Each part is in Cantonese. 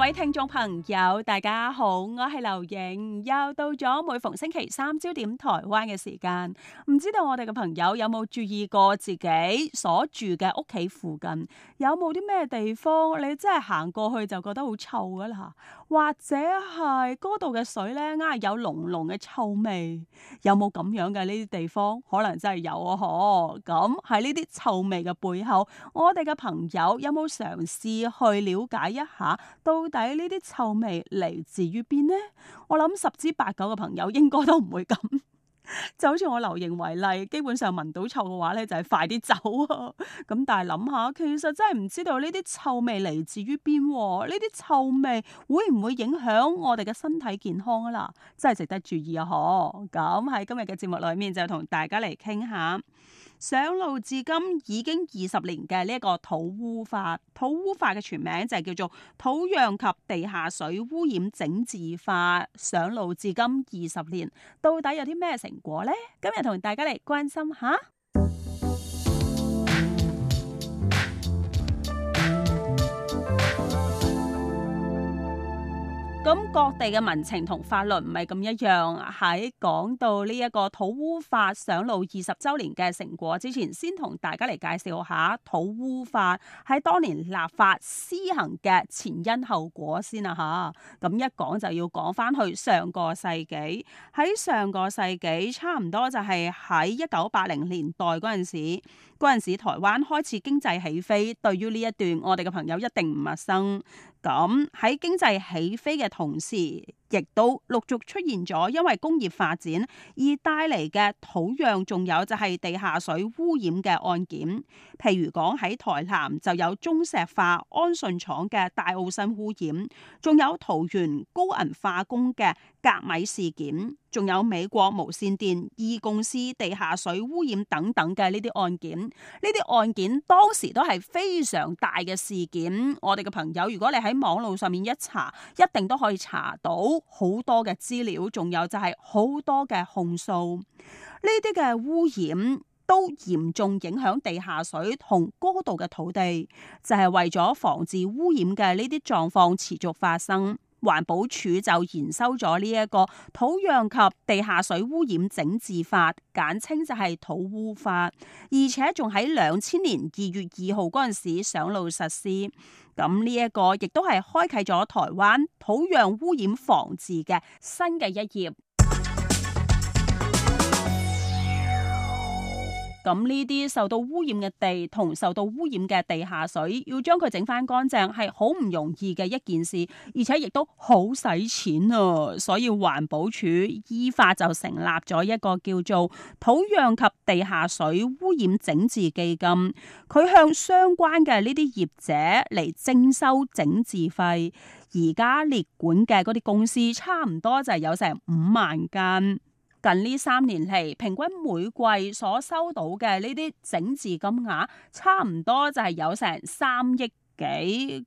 各位聽眾朋友，大家好，我係劉影，又到咗每逢星期三焦點台灣嘅時間。唔知道我哋嘅朋友有冇注意過自己所住嘅屋企附近有冇啲咩地方？你真係行過去就覺得好臭噶啦，或者係嗰度嘅水咧，梗係有濃濃嘅臭味，有冇咁樣嘅呢啲地方？可能真係有啊，嗬。咁喺呢啲臭味嘅背後，我哋嘅朋友有冇嘗試去了解一下？到到底呢啲臭味嚟自於邊呢？我諗十之八九嘅朋友應該都唔會咁， 就好似我劉瑩為例，基本上聞到臭嘅話咧就係、是、快啲走啊！咁 但係諗下，其實真係唔知道呢啲臭味嚟自於邊，啊，呢啲臭味會唔會影響我哋嘅身體健康啊？嗱，真係值得注意啊！嗬，咁喺今日嘅節目裏面就同大家嚟傾下。上路至今已經二十年嘅呢個土污法，土污法嘅全名就係叫做土壤及地下水污染整治法。上路至今二十年，到底有啲咩成果呢？今日同大家嚟關心下。咁各地嘅民情同法律唔係咁一樣，喺講到呢一個土污法上路二十周年嘅成果之前，先同大家嚟介紹下土污法喺當年立法施行嘅前因後果先啊，吓。咁一講就要講翻去上個世紀，喺上個世紀差唔多就係喺一九八零年代嗰陣時。嗰陣時，台灣開始經濟起飛，對於呢一段我哋嘅朋友一定唔陌生。咁喺經濟起飛嘅同時，亦都陸續出現咗，因為工業發展而帶嚟嘅土壤，仲有就係地下水污染嘅案件。譬如講喺台南就有中石化安順廠嘅戴奧辛污染，仲有桃園高銀化工嘅鎘米事件，仲有美國無線電二公司地下水污染等等嘅呢啲案件。呢啲案件當時都係非常大嘅事件。我哋嘅朋友，如果你喺網路上面一查，一定都可以查到。好多嘅資料，仲有就係好多嘅控訴，呢啲嘅污染都嚴重影響地下水同高度嘅土地，就係、是、為咗防止污染嘅呢啲狀況持續發生。環保署就研修咗呢一個土壤及地下水污染整治法，簡稱就係土污法，而且仲喺兩千年二月二號嗰陣時上路實施。咁呢一個亦都係開啟咗台灣土壤污染防治嘅新嘅一頁。咁呢啲受到污染嘅地同受到污染嘅地下水，要將佢整翻乾淨係好唔容易嘅一件事，而且亦都好使錢啊！所以環保署依法就成立咗一個叫做土壤及地下水污染整治基金，佢向相關嘅呢啲業者嚟徵收整治費。而家列管嘅嗰啲公司，差唔多就有成五萬間。近呢三年嚟，平均每季所收到嘅呢啲整治金額，差唔多就係有成三億幾，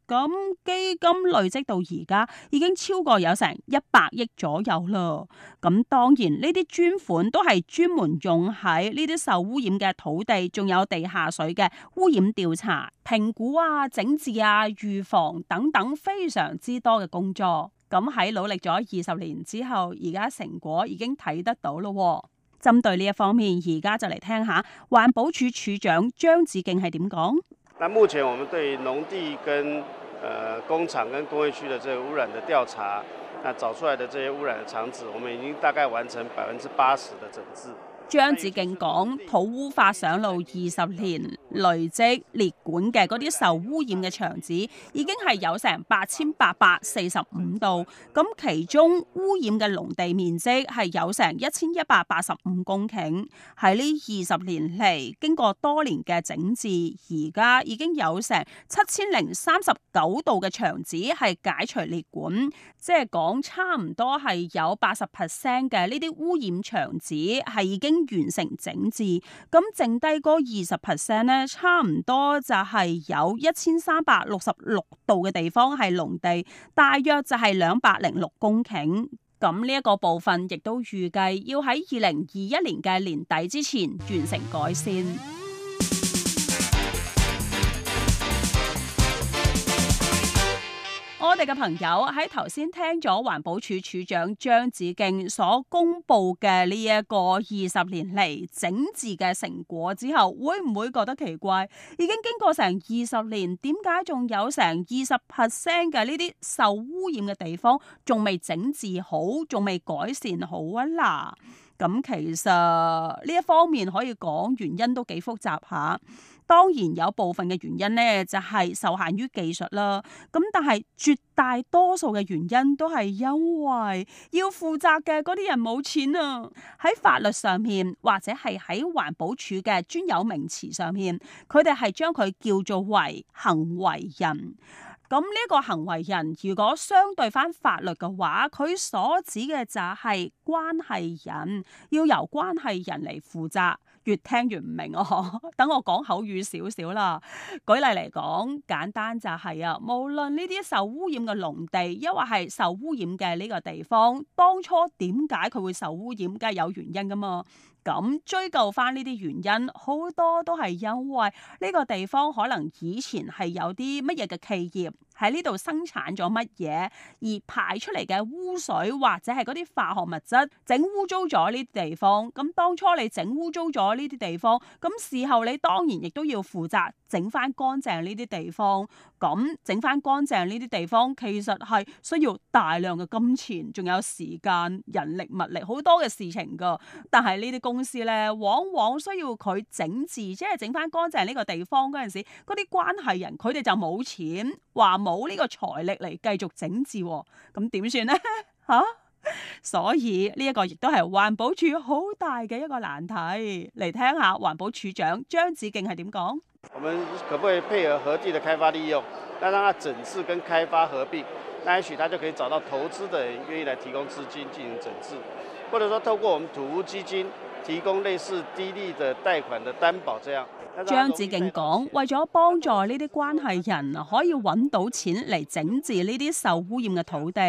咁、嗯、基金累積到而家已經超過有成一百億左右啦。咁、嗯、當然呢啲專款都係專門用喺呢啲受污染嘅土地，仲有地下水嘅污染調查、評估啊、整治啊、預防等等非常之多嘅工作。咁喺努力咗二十年之後，而家成果已經睇得到咯。針對呢一方面，而家就嚟聽下環保署署長張子敬係點講。那目前我們對於農地跟，呃、工廠跟工業區的這個污染的調查，那找出來的這些污染的場址，我們已經大概完成百分之八十的整治。張子敬講：土污法上路二十年，累積列管嘅嗰啲受污染嘅場址，已經係有成八千八百四十五度。咁其中污染嘅農地面積係有成一千一百八十五公頃。喺呢二十年嚟，經過多年嘅整治，而家已經有成七千零三十九度嘅場址係解除列管，即係講差唔多係有八十 percent 嘅呢啲污染場址係已經，完成整治，咁剩低嗰二十 percent 咧，差唔多就係有一千三百六十六度嘅地方係農地，大約就係兩百零六公頃。咁呢一個部分亦都預計要喺二零二一年嘅年底之前完成改善。我哋嘅朋友喺頭先聽咗環保署署長張子敬所公布嘅呢一個二十年嚟整治嘅成果之後，會唔會覺得奇怪？已經經過成二十年，點解仲有成二十 percent 嘅呢啲受污染嘅地方仲未整治好，仲未改善好啊？嗱。咁其實呢一方面可以講原因都幾複雜下，當然有部分嘅原因呢就係受限於技術啦。咁但係絕大多數嘅原因都係因為要負責嘅嗰啲人冇錢啊！喺法律上面或者係喺環保署嘅專有名詞上面，佢哋係將佢叫做為行為人。咁呢個行為人如果相對返法律嘅話，佢所指嘅就係關係人，要由關係人嚟負責。越聽越唔明哦，等我講口語少少啦。舉例嚟講，簡單就係、是、啊，無論呢啲受污染嘅農地，抑或係受污染嘅呢個地方，當初點解佢會受污染，梗係有原因㗎嘛。咁追究翻呢啲原因，好多都係因為呢個地方可能以前係有啲乜嘢嘅企業喺呢度生產咗乜嘢，而排出嚟嘅污水或者係嗰啲化學物質整污糟咗呢啲地方。咁當初你整污糟咗呢啲地方，咁事後你當然亦都要負責整翻乾淨呢啲地方。咁整翻乾淨呢啲地方，其實係需要大量嘅金錢，仲有時間、人力、物力，好多嘅事情噶。但係呢啲公司呢，往往需要佢整治，即係整翻乾淨呢個地方嗰陣時，嗰啲關係人佢哋就冇錢，話冇呢個財力嚟繼續整治，咁點算呢？嚇、啊？所以呢一、這個亦都係環保署好大嘅一個難題，嚟聽下環保署長張子敬係點講。我們可唔可以配合合地的開發利用，那讓它整治跟開發合併，那也許他就可以找到投資的人願意來提供資金進行整治，或者說透過我們土污基金。提供類似低利的貸款嘅擔保，這樣。張子敬講，為咗幫助呢啲關係人可以揾到錢嚟整治呢啲受污染嘅土地，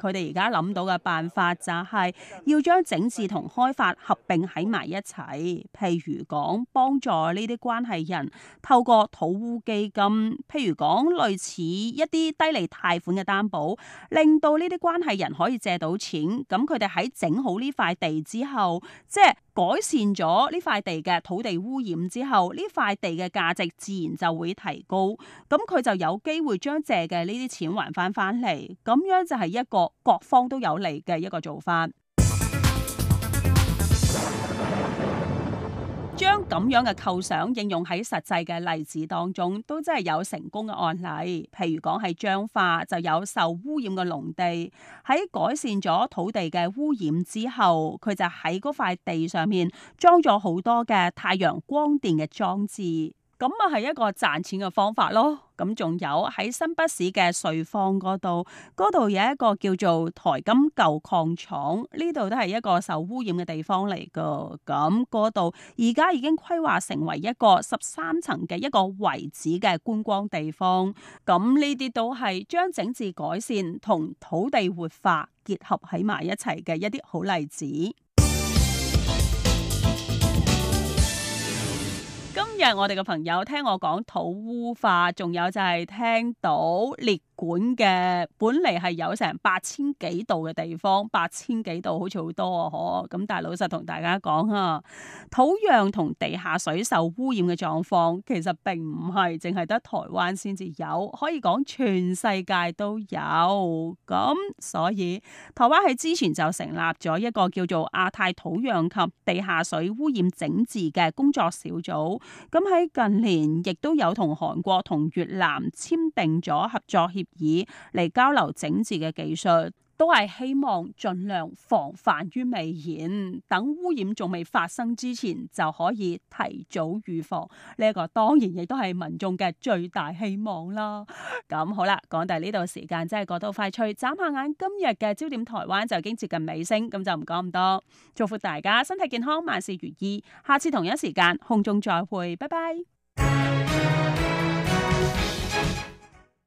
佢哋而家諗到嘅辦法就係要將整治同開發合併喺埋一齊。譬如講，幫助呢啲關係人透過土污基金，譬如講類似一啲低利貸款嘅擔保，令到呢啲關係人可以借到錢。咁佢哋喺整好呢塊地之後，即係。改善咗呢塊地嘅土地污染之後，呢塊地嘅價值自然就會提高，咁佢就有機會將借嘅呢啲錢還翻返嚟，咁樣就係一個各方都有利嘅一個做法。將咁樣嘅構想應用喺實際嘅例子當中，都真係有成功嘅案例。譬如講係彰化，就有受污染嘅農地，喺改善咗土地嘅污染之後，佢就喺嗰塊地上面裝咗好多嘅太陽光電嘅裝置。咁啊，係一個賺錢嘅方法咯。咁仲有喺新北市嘅瑞芳嗰度，嗰度有一個叫做台金舊礦廠，呢度都係一個受污染嘅地方嚟噶。咁嗰度而家已經規劃成為一個十三層嘅一個遺址嘅觀光地方。咁呢啲都係將整治改善同土地活化結合喺埋一齊嘅一啲好例子。今日我哋嘅朋友聽我講土污法，仲有就係聽到裂。管嘅本嚟係有成八千幾度嘅地方，八千幾度好似好多啊，可咁，但係老實同大家講啊，土壤同地下水受污染嘅狀況其實並唔係淨係得台灣先至有，可以講全世界都有。咁所以台灣喺之前就成立咗一個叫做亞太土壤及地下水污染整治嘅工作小組，咁喺近年亦都有同韓國同越南簽訂咗合作協。以嚟交流整治嘅技術，都係希望盡量防範於未然，等污染仲未發生之前就可以提早預防。呢個當然亦都係民眾嘅最大希望啦。咁好啦，講到呢度，時間真係過到快脆，眨下眼今日嘅焦點台灣就已經接近尾聲，咁就唔講咁多。祝福大家身體健康，萬事如意。下次同一時間空中再會，拜拜。